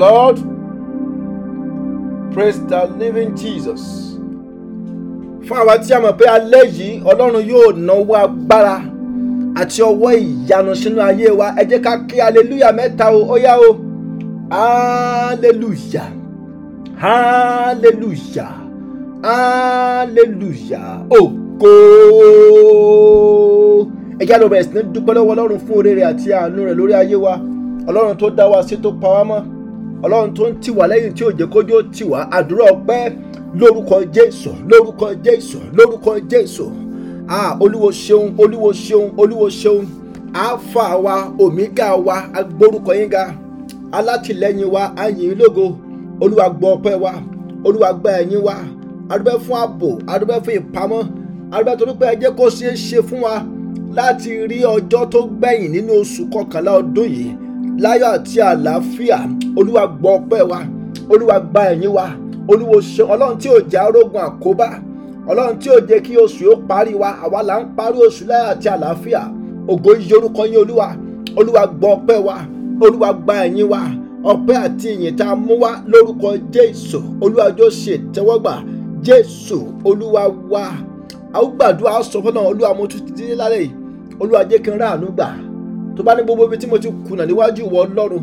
Lord. Praise the living Jesus. Fún àwa tí a mọ̀ pé alẹ́ yìí Ọlọ́run yóò náwó agbára àti ọwọ́ ìyanu sínú ayé wa ẹ jẹ́ ká kí aleluya mẹ́ta o ó yá o aleluya aleluya aleluya ògo ẹ jẹ́ àlọ́ bẹ̀rẹ̀ sí ní dúpẹ́ lọ́wọ́ Ọlọ́run fún oore rẹ̀ àti àánú rẹ̀ lórí ayé wa Ọlọ́run tó dá wa sí tó pa wá mọ́ ọlọ́run tó ń tì wá lẹ́yìn tí òjò kójú ó tì wá àdúrà ọpẹ́ lórúkọ jésù lórúkọ jésù lórúkọ jésù ah olúwo ṣeun olúwo ṣeun olúwo ṣeun alfa wa omega wa agbórúkọ yín ga alátìlẹ́yìn wa ayìn lógo olúwa gbọ́ ọpẹ́ wa olúwa gba ẹ̀yìn wa adúbẹ́ fún ààbò adúbẹ́ fún ìpamọ́ adúbẹ́ torí pé ẹ jẹ́ kó ṣeé ṣe fún wa láti rí ọjọ́ tó gbẹ̀yìn nínú oṣù kọkànlá ọdún yìí láyọ̀ àti àlàáfíà olúwa gbọ́ ọpẹ́ wa olúwa gba ẹ̀yìn wa olúwo ṣe ọlọ́run tí ò jẹ́ arógun àkóbá ọlọ́run tí ò jẹ́ kí oṣù yóò parí wa àwa là ń parí oṣù láyọ̀ àti àlàáfíà ògo yí orúkọ yín olúwa olúwa gbọ́ ọpẹ́ wa olúwa gba ẹ̀yìn wa ọpẹ́ àti ìyìn tá a mú wá lórúkọ jésù olúwa jọ ṣe ìtẹ́wọ́gbà jésù olúwa wa àwọn gbàdúrà sọ fọlọ́run olúwa mo tún ti dé lálẹ́ yìí olúwa jẹ́ kí n ráàánú gbà tó bá ní gbogbo ibi tí mo ti kùnà níwájú ìwọ ọlọ́run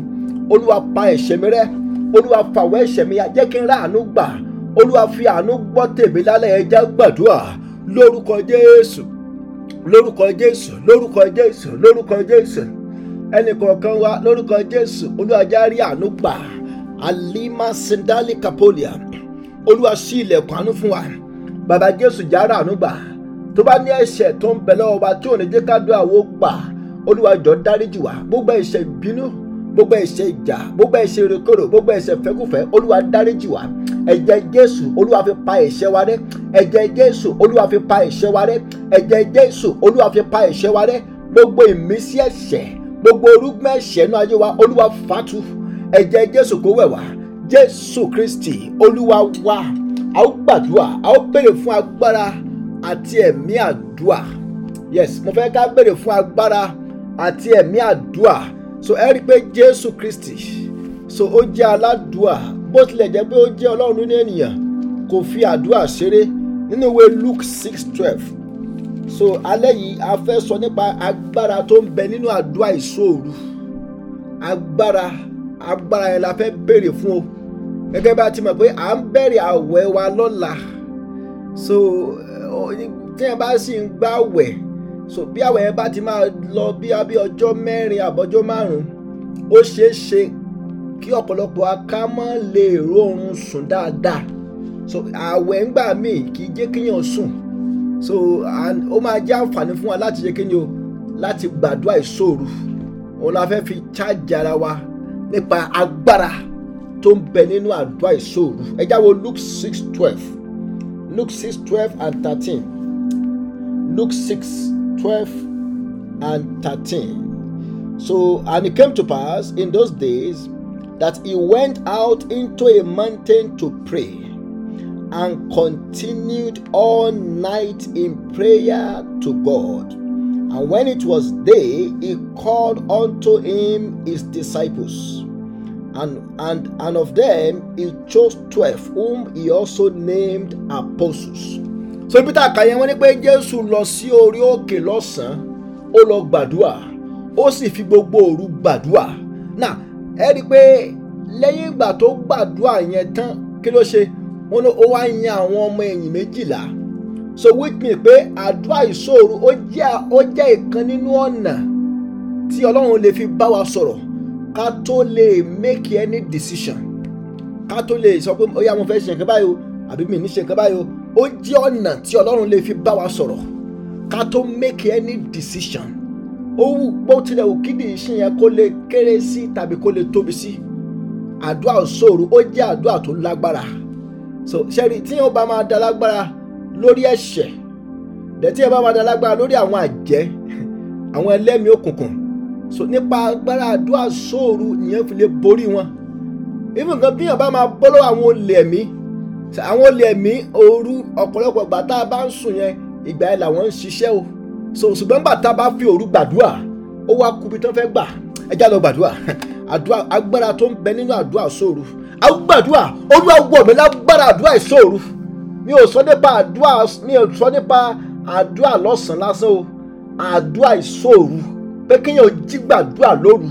olúwa pa ẹ̀ṣẹ̀ mi rẹ́ olúwa fàwọ́ ẹ̀ṣẹ̀ mi ya jẹ́ kí n rà àánú gbà olúwa fi àánú gbọ́ tèmi lálẹ́ ẹja gbàdúrà lórúkọ jésù lórúkọ jésù lórúkọ jésù lórúkọ jésù ẹnì kọ̀ọ̀kan wa lórúkọ jésù olúwa já rí àánú gbà alima sindali kapolia olúwa ṣí ilẹ̀kùn àánú fún wa bàbá jésù já rà àánú gbà tó bá ní ẹ̀ṣẹ̀ tó ń bẹ lọ́wọ́ tí ò ní jẹ́ ká dúà wó gbà olúwa jọ̀ọ́ dáríjì wá gbogbo ẹ̀ṣẹ̀ ìbínú gbogbo ẹ̀ṣẹ̀ ìjà gbogbo ẹ̀ṣẹ̀ ìrékòrò gbogbo ẹ̀ṣẹ̀ fẹ́kùfẹ́ olúwa dáríjì wá ẹ̀jẹ̀ jésù olúwa fi pa ẹ̀ṣẹ̀ wa rẹ́ ẹ̀jẹ̀ jésù olúwa fi pa ẹ̀ṣẹ̀ wa rẹ́ ẹ̀jẹ̀ jésù olúwa fi pa ẹ̀ṣẹ̀ wa rẹ́ gbogbo ìmísí ẹ̀ṣẹ̀ gbogbo orúgbọ́n ẹ̀ṣẹ̀ inú ayé wa olúwa fatu ẹ̀jẹ̀ jésù kó wẹ̀ wá jésù kristi olúwa wa a ó gbàdúrà a ó béèrè fún agbára àti ẹ̀mí àdúrà yes mo fẹ́ ká béèrè fún agbára àti ẹ̀mí àdúà so ẹ rí i pé Jésù Kristi so ó jẹ́ aládùà bó tilẹ̀ jẹ́ pé ó jẹ́ Ọlọ́run nínú ènìyàn kò fi àdúà ṣeré nínú ìwé Luke six twelve so alẹ́ yìí a fẹ́ sọ nípa agbára tó ń bẹ nínú àdúà ìṣòro agbára agbára yẹn la fẹ́ béèrè fún o gẹ́gẹ́ bá a ti mọ̀ pé à ń bẹ̀rẹ̀ àwẹ̀ wa lọ́la so tí yẹn bá sì ń gbàwẹ̀ so bí àwẹ̀ yẹn bá ti máa lọ bí abí ọjọ́ mẹ́rin àbọ̀jọ́ márùn-ún ó ṣeé ṣe kí ọ̀pọ̀lọpọ̀ aká mọ́ lè rórun sùn dáadáa so àwẹ̀ ńgbà míì kì í jẹ́ kéèyàn sùn so ó máa jẹ́ àǹfààní fún wa láti jẹ́ kéèyàn láti gbàdúrà ìṣòro òun la fẹ́ fi chájà ara wa nípa agbára tó ń bẹ nínú àdúrà ìṣòro ẹ jáwọ́ Luke six twelve Luke six twelve and thirteen Luke six. 12 and 13. So, and it came to pass in those days that he went out into a mountain to pray and continued all night in prayer to God. And when it was day, he called unto him his disciples. And, and, and of them he chose twelve, whom he also named apostles so ibi tá a kà yẹn wọ́n ní pé jésù lọ sí orí òkè lọ́sàn-án ó lọ gbàdúrà ó sì fi gbogbo òru gbàdúrà náà ẹ rí i pé lẹ́yìn ìgbà tó gbàdúrà yẹn tán kí ló ṣe wọ́n ní ó wá yan àwọn ọmọ ẹ̀yìn méjìlá so which mean pé àdúrà ìṣòro ó jẹ́ ó jẹ́ ìkan nínú ọ̀nà tí ọlọ́run lè fi bá wa sọ̀rọ̀ ká tó lè make any decision ká tó lè sọ pé ó yá mo fẹ́ ṣe nǹkan báyìí o àbí mi ní ṣe nǹkan báyìí o ó jẹ́ ọ̀nà tí ọlọ́run lè fi bá wa sọ̀rọ̀ ká tó make any decision ó wù pé ó tilẹ̀ òkìdí iṣẹ́ yẹn kó lè kéré sí tàbí kó lè tóbi sí àdúrà òṣòro ó jẹ́ àdúrà tó lágbára so ṣẹ́rí tí yóò bá máa da lágbára lórí ẹ̀ṣẹ̀ dẹ̀tí yóò bá máa da lágbára lórí àwọn àjẹ́ àwọn ẹlẹ́mìí òkùnkùn so nípa agbára àdúrà sóòru ìyẹn fi lè borí wọn even gan bí yóò bá máa bọ́ lọ́wọ́ àwọn olè ẹ̀mí àwọn olè ẹ̀mí òru ọ̀pọ̀lọpọ̀ ìgbà tá a bá ń sùn yẹn ìgbà yẹn làwọn ń ṣiṣẹ́ o so ṣùgbọ́n gbà tá a bá fi òru gbàdúrà ó wá kubi tán fẹ́ gbà ẹ já lọ gbàdúrà àdúrà agbára tó ń bẹ nínú àdúrà sóòru àgbàdúrà olúwa wọ̀ mí lágbára àdúrà ìsóòru mi ò sọ nípa àdúrà mi ò sọ nípa àdúrà lọ́sàn-án lásán o àdúrà ìsóòru pé kéèyàn jí gbàdúrà lóru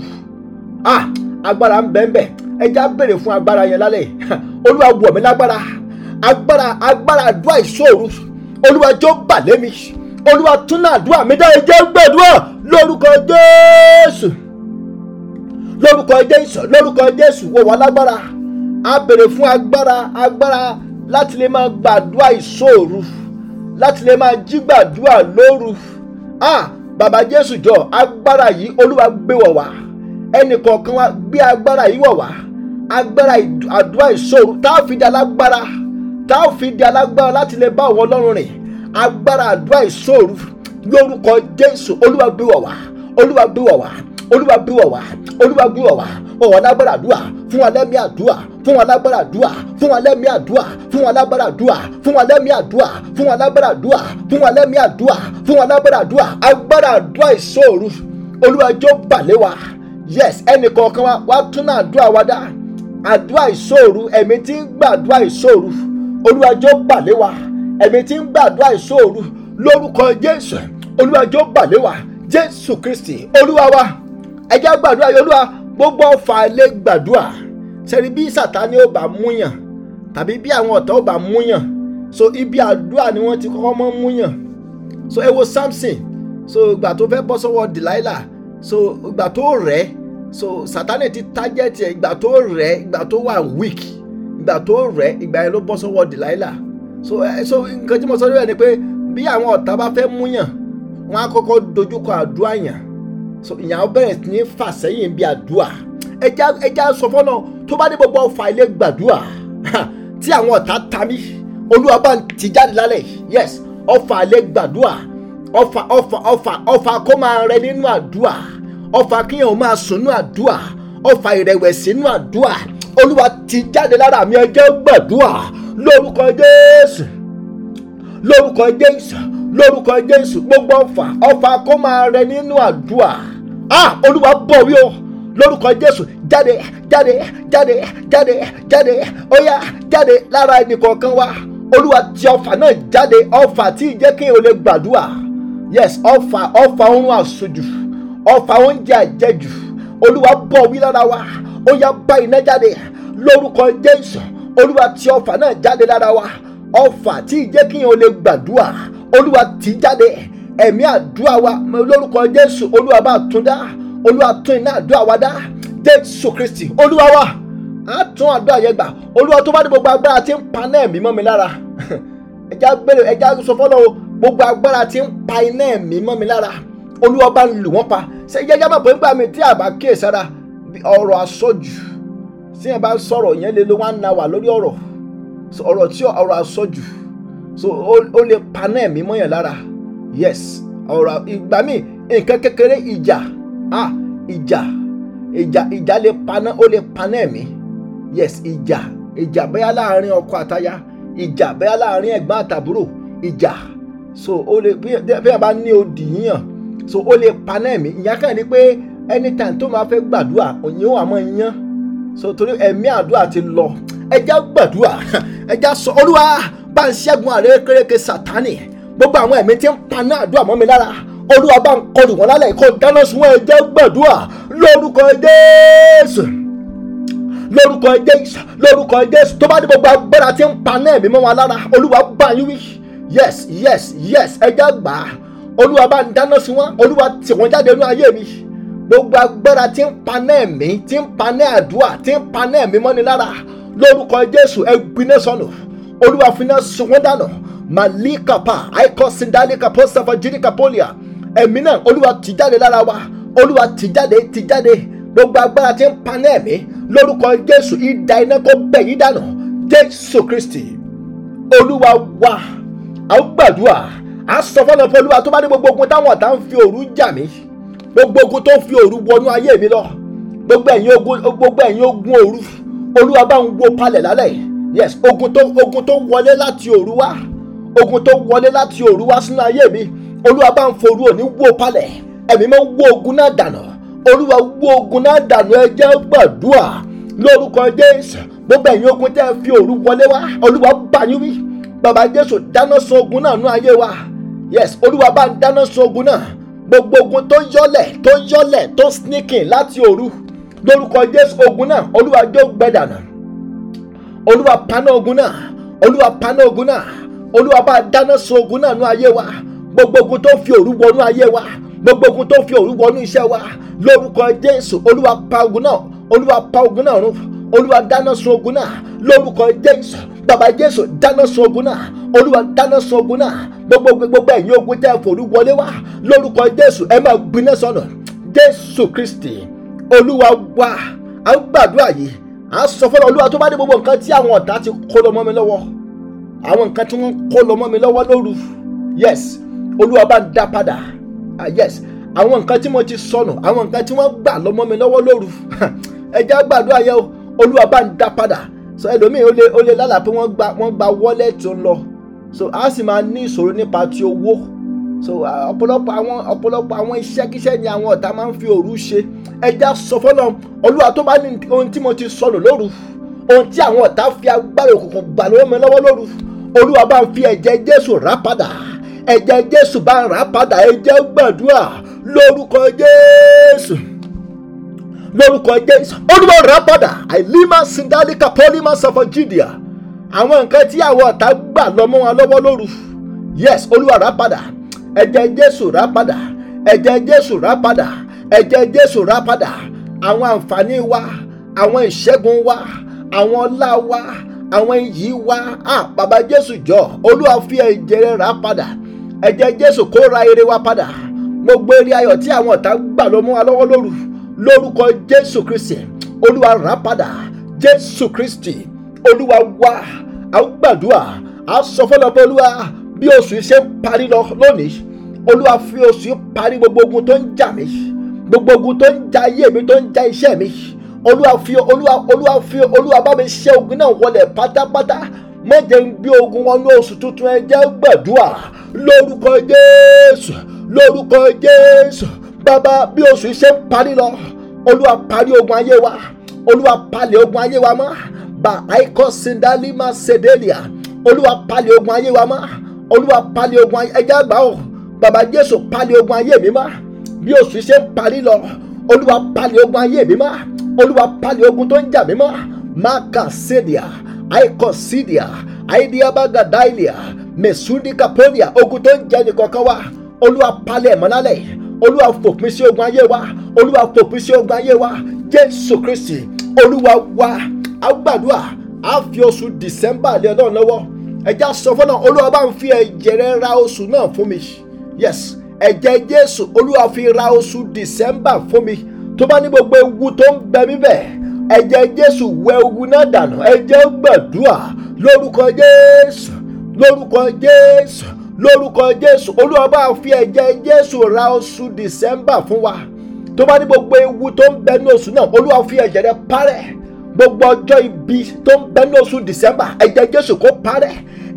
ah agbára ń bẹ́ẹ̀ bẹ́ẹ̀ ẹja béèrè fún agbára yẹn lálẹ́ olúwa wọ̀ mí lágbára agbára agbára àdúrà ìṣòro olúwa jọ bà lé mi olúwa tún náà àdúrà mi dáre jẹ́ gbàdúrà lórúkọ jésù lórúkọ jésù lórúkọ jésù wò wá lágbára a béèrè fún agbára agbára láti lè máa gbàdúrà ìṣòro láti lè máa jí gbàdúrà lóru ah bàbá jésù jọ agbára yìí olúwa gbé wọ̀ wá ẹnìkọ̀ọ̀kan wa gbé agbára yìí wọ̀ wá agbára àdúrà ìṣòro tá fi di alágbára tá ò fi di alágbára láti lè bá àwọn ọlọ́run rìn agbára àdúrà ìṣòro lórúkọ jésù olúwa gbé wa wá olúwa gbé wa wá olúwa gbé wa wá olúwa gbé wa wá ọ̀wọ́n lágbára àdúrà fún wa lẹ́mí àdúrà fún wa lágbára àdúrà fún wa lẹ́mí àdúrà fún wa lágbára àdúrà fún wa lẹ́mí àdúrà fún wa lágbára àdúrà fún wa lẹ́mí àdúrà fún wa lágbára àdúrà agbára àdúrà ìṣòro olúwa jọ balẹ̀ wa yes ẹnì kọ̀ọ̀kan wa wá tún náà àdúrà wa dá àdúrà ìṣòro ẹ̀mí tí ń gbàdúrà ìṣòro olúwàjọ gbàlé wa ẹ̀mí tí ń gbàdúrà ìṣòro lórúkọ jésù olúwàjọ gbàlé wa jésù kristi olúwa wa ẹjẹ gbàdúrà yìí olúwa gbogbo ọfà ilé gbàdúrà sẹ́ni bí sàtáni ó bá múyàn tàbí bí àwọn ọ̀tá ó bá múyàn so ibi àdúrà ni wọ́n ti kọ́kọ́ mọ́ múyàn so ẹ wo samson so ìgbà tó fẹ́ bọ́ sọ́wọ́ delilah so ìgbà tó rẹ̀ so sàtáni ti tájẹ́tì ẹ̀ ìgbà tó rẹ̀ ìgbà tó wà weak ìgbà tó rẹ̀ ìgbà yẹn ló bọ́ sọ́wọ́ dìláìlà so eh, so nǹkan tí mo sọ lórí ẹ̀ ni pé bí àwọn ọ̀tá bá fẹ́ múyàn wọ́n á kọ́kọ́ dojúkọ àdúrà yàn so ìyàn á bẹ̀rẹ̀ sí ní fà sẹ́yìn bí àdúrà ẹja ẹja sọ fọ́nà tó bá dé gbogbo ọ̀fà ilé gbàdúrà tí àwọn ọ̀tá ta olúwa bá ti jáde lálẹ́ yes ọ̀fà ilé gbàdúrà ọ̀fà ọ̀fà ọ̀fà ọ̀fà kó máa rẹ nínú àdúrà ọ̀fà kíyàn máa sùn nínú àdúrà ọ̀fà ìrẹ̀wẹ̀sì nínú àdúrà olúwa ti jáde lára mi ẹjẹ́ gbàdúrà lórúkọ jésù lórúkọ jésù lórúkọ jésù gbogbo ọfà ọfà kó máa rẹ nínú àdúrà ah olúwa bọ̀ wí o lórúkọ jésù jáde jáde jáde jáde jáde ó yá jáde lára ẹnìkọ̀ọ̀kan wa olúwa ti ọfà náà jáde ọfà tí ìjẹ́ kí n lè gbàdúrà yes ọfà ọfà oorun àsojù ọfà oúnjẹ àjẹjù olúwa bọ̀ wí lára wa ó yá bá iná jáde lórúkọ jésù olúwa tí ọfà náà jáde lára wa ọfà tí ìjẹ́ kí yẹn lè gbàdúrà olúwa tí jáde ẹ̀mí àdúrà wa lórúkọ jésù olúwa bá tún dá olúwa tún iná àdúrà wa dá jésù kristi olúwa wa á tún àdúrà yẹn gbà olúwa tó bá ní gbogbo agbára tí ń pa náà ẹ̀mí mọ́ mi lára ẹja gbélé ẹja sọ fọ́lọ́ o gbogbo agbára tí ń pa iná ẹ̀mí mọ́ mi lára olúwa bá ń lù wọ́n pa ṣe jẹ́jẹ́ mọ̀ pé ń gbà mí tí àbá kíyèsára ọ̀rọ̀ àsọjù tí yẹn bá sọ̀rọ̀ yẹn lè lo one hour lórí ọ̀rọ̀ ọ̀rọ̀ tí ọ̀rọ̀ àsọjù so ó lè paná ẹ̀mí mọ́ yẹn lára yes ọ̀rọ̀ ìgbà míì nǹkan kékeré ìjà ah ìjà ìjà ìjà lè paná ó lè paná ẹ̀mí yes ìjà ìjà bẹ́yà láàrin ọkọ àtaya ìjà bẹ́yà láàrin ẹ̀gbọ́n àtàbúrò ìjà so ó lè bí ẹ bá ní odi yíyan so ó lè paná ẹ̀mí ìyá kan ní pé anytime tó máa fẹ́ gbàdúrà òyìn ó àmọ́ yan so torí ẹ̀mí àdúrà ti lọ ẹja gbàdúrà ẹja sọ olúwa bá ń ṣẹ́gun àrékérekè sàtánì gbogbo àwọn ẹ̀mí tí ń paná àdúrà mọ́ mi lára olúwa bá ń kọlù wọn lálẹ́ kó dáná sun wọn ẹja gbàdúrà lórúkọ jésù lórúkọ jésù lórúkọ jésù tó bá ní gbogbo agbára tí ń paná ẹ̀mí mọ́ wọn lára olúwa bá yín wí yes yes yes ẹja gbà olúwa bá ń dáná sun wọn olúwa tì wọn jáde nínú ayé mi gbogbo agbára tí ń paná ẹ̀mí tí ń paná àdúrà tí ń paná ẹ̀mí mọ́ni lára lórúkọ jésù ẹ gbiná sọnù olúwa fi náà sun wọ́n dànù màlíkàpá àìkọ́sìndálíkàpọ̀ sàfọ̀jìdíkàpọ̀lìà ẹ̀mí náà olúwa ti jáde lára wa olúwa ti jáde ti jáde gbogbo agbára tí ń paná ẹ̀mí lórúkọ jésù ìdá iná kó bẹ̀ yí dànù jésù kristi olúwa wa àwọn gbàdúrà àsọfọ́nà fọlúwa tó bá dé gbogbo ogun táwọn ọ̀tá ń fi òru jà mí gbogbo ogun tó fi òru wọnú ayé mi lọ gbogbo ẹ̀yin ogun gbogbo ẹ̀yin ogun òru olúwa bá ń wó palẹ̀ lálẹ́ yes ogun tó ogun tó wọlé láti òru wá ogun tó wọlé láti òru wá sínú ayé mi olúwa bá ń forú òní wó palẹ̀ ẹ̀mí máa ń wó ogun náà dànù olúwa wó ogun náà dànù ẹ gbàdúrà lórúkọ jésù gbogbo ẹ̀yin ogun tẹ́ fi òru wọlé wá olúwa bá yín wí bàbá jésù dáná sun ogun náà nú ayé wa yes olúwa bá ń dáná sun ogun náà gbogbo ogun tó ń yọlẹ̀ tó ń yọlẹ̀ tó ń sneaking láti òru lórúkọ jésù ogun náà olúwa jó gbẹdànà olúwa paná ogun náà olúwa paná ogun náà olúwa bá dáná sun ogun náà nú ayé wa gbogbo ogun tó fi òru wọnú ayé wa gbogbo ogun tó fi òru wọnú iṣẹ́ wa lórúkọ jésù olúwa pa ogun náà olúwa pa ogun náà run olúwa dáná sun ogun náà lórúkọ jésù bàbá jésù dáná sun ogun náà olúwa dáná sun ogun náà gbogbo gbogbo ẹ̀yin ogun tẹ́ forú wọlé wá lórúkọ jésù ẹ máa gbiná sọnà jésù kristi olúwa wá à gbàdúrà yìí à sọ fọlọ olúwa tó bá dé gbogbo nǹkan tí àwọn ọ̀tá ti kó lọ mọ́ mi lọ́wọ́ àwọn nǹkan tí wọ́n kó lọ mọ́ mi lọ́wọ́ lóru yes olúwa bá ń dá padà ah, yes àwọn nǹkan tí mo ti sọnù àwọn nǹkan tí wọ́n gbà lọ́mọ́ mi lọ́wọ́ lóru ẹ jẹ́ àgbàdo olúwa bá ń dá padà so ẹlòmíì ó lè ó lè lálàá pé wọ́n gba wọ́n gba wọ́lẹ̀tì ń lọ so a sì máa ní ìṣòro nípa ti owó so ọ̀pọ̀lọpọ̀ àwọn ọ̀pọ̀lọpọ̀ àwọn iṣẹ́kíṣẹ́ ni àwọn ọ̀tá máa ń fi òru ṣe ẹja sọ fọ́nà olúwa tó bá ní ohun tí mo ti sọnù lóru ohun tí àwọn ọ̀tá fi agbára òkùnkùn gbà lọ́wọ́ mi lọ́wọ́ lóru olúwa bá ń fi ẹ̀jẹ̀ jésù rà padà ẹ̀jẹ̀ jésù bá ń rà padà ẹ̀jẹ̀ gbàdúrà lórúkọ jésù lórúkọ jésù olúwa rà padà àìlímà sindalika pọ́límà sàfọ̀jìdìà àwọn nǹkan tí àwọn ọ̀tá gbà lọ́mọ wọn lọ́wọ́ lóru yes olúwa rà padà ẹ̀jẹ̀ jésù rà padà ẹ̀jẹ̀ jésù rà padà ẹ̀jẹ̀ jésù rà padà àwọn àǹfààní wa àwọn ìṣẹ́gun wa àwọn ọlá wa àwọn iyì wa ah bàbá jésù jọ olúwa fi ẹ̀jẹ̀ rẹ̀ rà padà ẹ̀jẹ̀ jésù kó ra ire wa padà gbogbo eré ayọ̀ tí àwọn ọ̀tá gbà lọ́mọ wa lọ́wọ́ lóru lórúkọ jésù kristi olúwa rà padà jésù kristi olúwa wá a gbàdúrà a sọ fọlọpọ olúwa bí oṣù yìí ṣe ń parí lọ lónìí olúwa fi oṣù yìí parí gbogbo ogun tó ń jà mí gbogbo ogun tó ń jà ayé mi tó ń jà iṣẹ́ mi olúwa fi olúwa olúwa fi olúwa bá mi ṣẹ́ ogun náà wọlé pátápátá má jẹ́ n gbé ogun wọnú oṣù tuntun ẹ jẹ́ gbàdúrà lórúkọ jésù lórúkọ jésù bàbá bí oṣù iṣẹ́ ń parí lọ olúwa parí ogun ayé wa olúwa palẹ̀ ogun ayé wa mọ́ bá àìkọ́ sindalima sedelia olúwa palẹ̀ ogun ayé wa mọ́ olúwa palẹ̀ ogun ayé àgbà o bàbá jésù palẹ̀ ogun ayé mi mọ́ bí oṣù iṣẹ́ ń parí lọ olúwa palẹ̀ ogun ayé mi mọ́ olúwa palẹ̀ ogun tó ń jà mí mọ́ maka sedia àìkọ́ sidia àìdíyàbága dailia mesudikapolia ogun tó ń jẹ́ nìkankan wa olúwa palẹ̀ mọ́ yìí olúwa fòpin sí ogun ayé wa olúwa fòpin sí ogun ayé wa jésù kristi olúwa wa a gbàdúrà a fi oṣù december lé ọlọ́run lọ́wọ́ ẹ̀já sọ fọ́nà olúwa bá ń fi ẹ̀jẹ̀ rẹ ra oṣù náà fún mi yes ẹ̀jẹ̀ jésù olúwa fi ra oṣù december fún mi tó bá ní gbogbo ewu tó ń bẹ mí bẹ̀ ẹ̀jẹ̀ jésù wẹ ewu náà dànù ẹ̀jẹ̀ gbàdúrà lórúkọ jésù lórúkọ jésù lórúkọ jésù olúwa bá fi ẹ̀jẹ̀ jésù ra oṣù december fún wa tó bá ní gbogbo ewu tó ń bẹ ní oṣù náà olúwa fi ẹ̀jẹ̀ rẹ parẹ́ gbogbo ọjọ́ ibi tó ń bẹ ní oṣù december ẹ̀jẹ̀ jésù kó parẹ́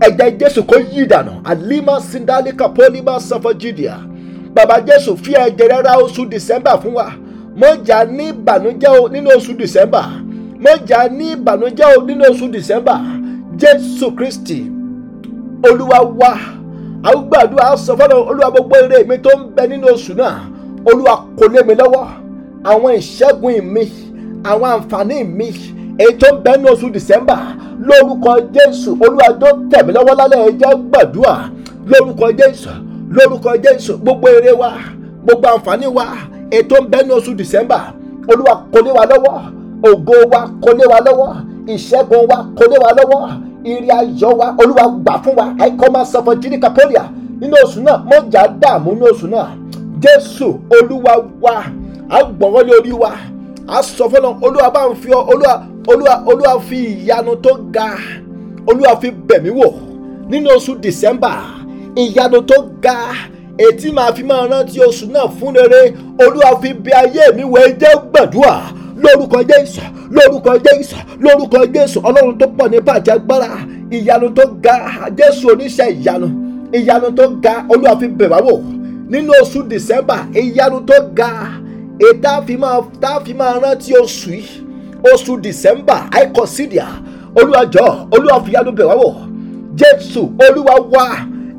ẹ̀jẹ̀ jésù kó yí ìdànà alima sindalika polima sọfọjidia bàbá jésù fi ẹ̀jẹ̀ rẹ ra oṣù december fún wa mọ̀jà ní ìbànújẹ́ nínú oṣù december mọ̀jà ní ìbànújẹ́ nínú oṣù december jésù kristi olúwa wá a ó gbàdúrà sọ fọlọ olúwa gbogbo ire mi tó ń bẹ nínú oṣù náà olúwa kò lé mi lọ́wọ́ àwọn ìṣẹ́gun mi àwọn àǹfààní mi èyí tó ń bẹ nínú oṣù december lórúkọ jésù olúwa tó tẹ̀ mí lọ́wọ́ lálẹ́ ẹjẹ́ gbàdúrà lórúkọ jésù lórúkọ jésù gbogbo ire wa gbogbo àǹfààní wa èyí tó ń bẹ nínú oṣù december olúwa kò lé wa lọ́wọ́ ògo wa kò lé wa lọ́wọ́ ìṣẹ́gun wa kò lé wa lọ́wọ́ ire ayọ̀ wa olúwa gbà fún wa àìkọ́ máa sọ fún jíríkà pọ́lìà nínú oṣù náà mọ̀jà dààmú nínú oṣù náà jésù olúwa wa á gbọ̀wọ́ lé orí wa á sọ fún olúwa bá ń fi ọ olúwa olúwa olúwa fi ìyanu tó ga olúwa fi bẹ̀mí wò nínú oṣù december ìyanu tó ga ètí màá fi máa rántí oṣù náà fún rere olúwa fi bí ayé mi wẹ̀ jẹ́ gbàdúrà lórúkọ jésù lórúkọ jésù lórúkọ jésù ọlọ́run tó pọ̀ ní bàjẹ́ agbára ìyanu tó ga jésù oníṣẹ́ ìyanu ìyanu tó ga olúwa fi bẹ̀ wá wò nínú oṣù December. ìyanu tó ga ètà fi máa tá a fi máa rántí oṣù yìí oṣù dìsẹ́mbà i consider olúwa jọ olúwa fi ìyanu bẹ̀ wá wò jésù olúwa wá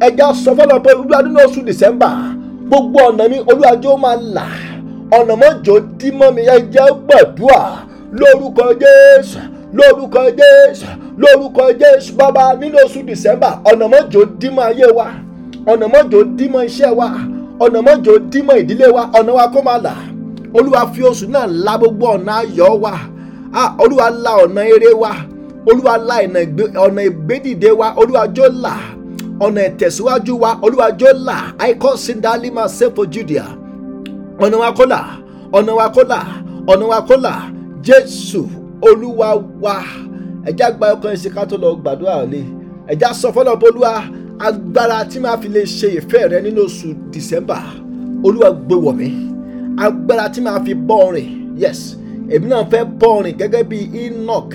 ẹja sọ fọlọ́pọ̀ olúwa nínú oṣù dìsẹ́mbà gbogbo ọ̀nà mi olúwa jọ máa là ọ̀nà mọ́jọ dí mọ́ mi ẹ jẹ́ gbàdúrà lórúkọ Jésù lórúkọ Jésù lórúkọ Jésù bàbá nínú oṣù dìsẹ́mbà ọ̀nà mọ́jọ dí mọ́ ayé wa ọ̀nà mọ́jọ dí mọ́ iṣẹ́ wa ọ̀nà mọ́jọ dí mọ́ ìdílé wa ọ̀nà wa kó máa là olúwa fi oṣù náà la gbogbo ọ̀nà ayọ̀ wa ah, olúwa la ọ̀nà eré wa olúwa la ọ̀nà ìgbédìde wa olúwa jó là ọ̀nà ìtẹ̀síwájú wa olúwa jó là àìkọ́síndálímà sẹ́fọ̀ judea ọ̀nà wa kó là ọ̀nà wa kó là ọ̀nà wa kó là jésù olúwa wa ẹ̀já gba ọkàn ẹ̀sìn ká tó lọ gbàdúrà lé ẹ̀já sọ fọlọ́ bolúwa agbára tí máa fi lè ṣe ìfẹ́ rẹ nínú oṣù dìsẹ́mbà olúwa gbé wọ̀ mí agbára tí máa fi bọ́ ọrìn yes èmi náà fẹ́ bọ́ ọrìn gẹ́gẹ́ bí enoch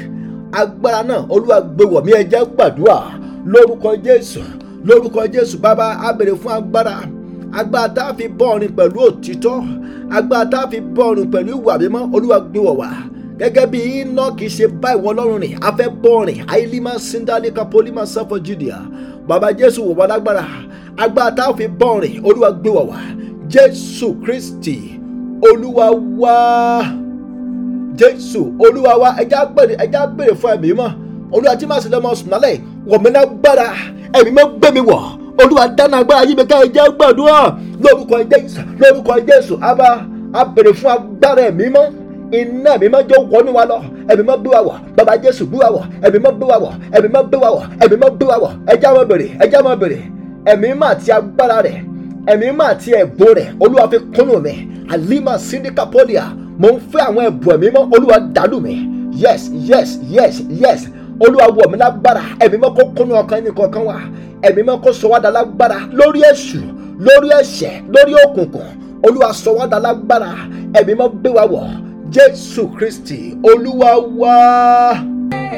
agbára náà olúwa gbé wọ̀ mí ẹ̀já gbàdúrà lórúkọ jésù lórúkọ jésù bàbá a fún agbára agbára tá a fi bọ́ ọ̀rìn pẹ̀lú òtítọ́ agbára tá a fi bọ́ ọ̀rìn pẹ̀lú ìwà mímọ́ olúwa gbé wọ̀ wá gẹ́gẹ́ bí iná kìí ṣe bá ìwọ ọlọ́run rìn afẹ́ bọ́ọ̀rìn àìlímọ̀ síndálíkà pólímọ̀ sáfọ̀ jùdíà bàbá jésù wọ̀ wá lágbára agbára tá a fi bọ́ọ̀rìn olúwa gbé wọ̀ wá jésù kristi olúwa wá jésù olúwa wá ẹja gbèrè ẹja gbèrè fún ẹ̀mí mọ́ olúwa tí màá sì lọ́mọ sùn lálẹ́ wọ̀ lágbára ẹ̀mí mọ́ gbé wọ̀ olúwa dáná agbára yí mi ká ẹ jẹ́ gbàdúrà lórúkọ jésù lórúkọ jésù a máa a bèrè fún agbára ẹ̀mí mọ́ iná ẹ̀mí máa jẹ́ wọnú wa lọ ẹ̀mí máa bí wa wọ̀ bàbá jésù bí wa wọ̀ ẹ̀mí máa bí wa wọ̀ ẹ̀mí máa bí wa wọ̀ ẹ̀mí máa bí wa wọ̀ ẹja máa bèrè ẹja máa bèrè ẹ̀mí máa ti agbára rẹ̀ ẹ̀mí máa ti ẹ̀bùn rẹ̀ olúwa fi kúnnù mi alima sindika polia mo ń fẹ́ àwọn ẹ̀bùn ẹ̀mí mọ́ olúwa dàlú mi yes yes yes yes olúwa wọ̀ mí lágbára ẹ̀mí máa kó kúnnù ọkàn ẹnì kọ̀ọ̀kan wa ẹ̀mí mọ́ kó sọ wá dá lágbára lórí èṣù lórí ẹ̀ṣẹ̀ lórí òkùnkùn olúwa sọ wá dá lágbára ẹ̀mí mọ́ gbé wa wọ̀ jésù kristi olúwa wá. Hey.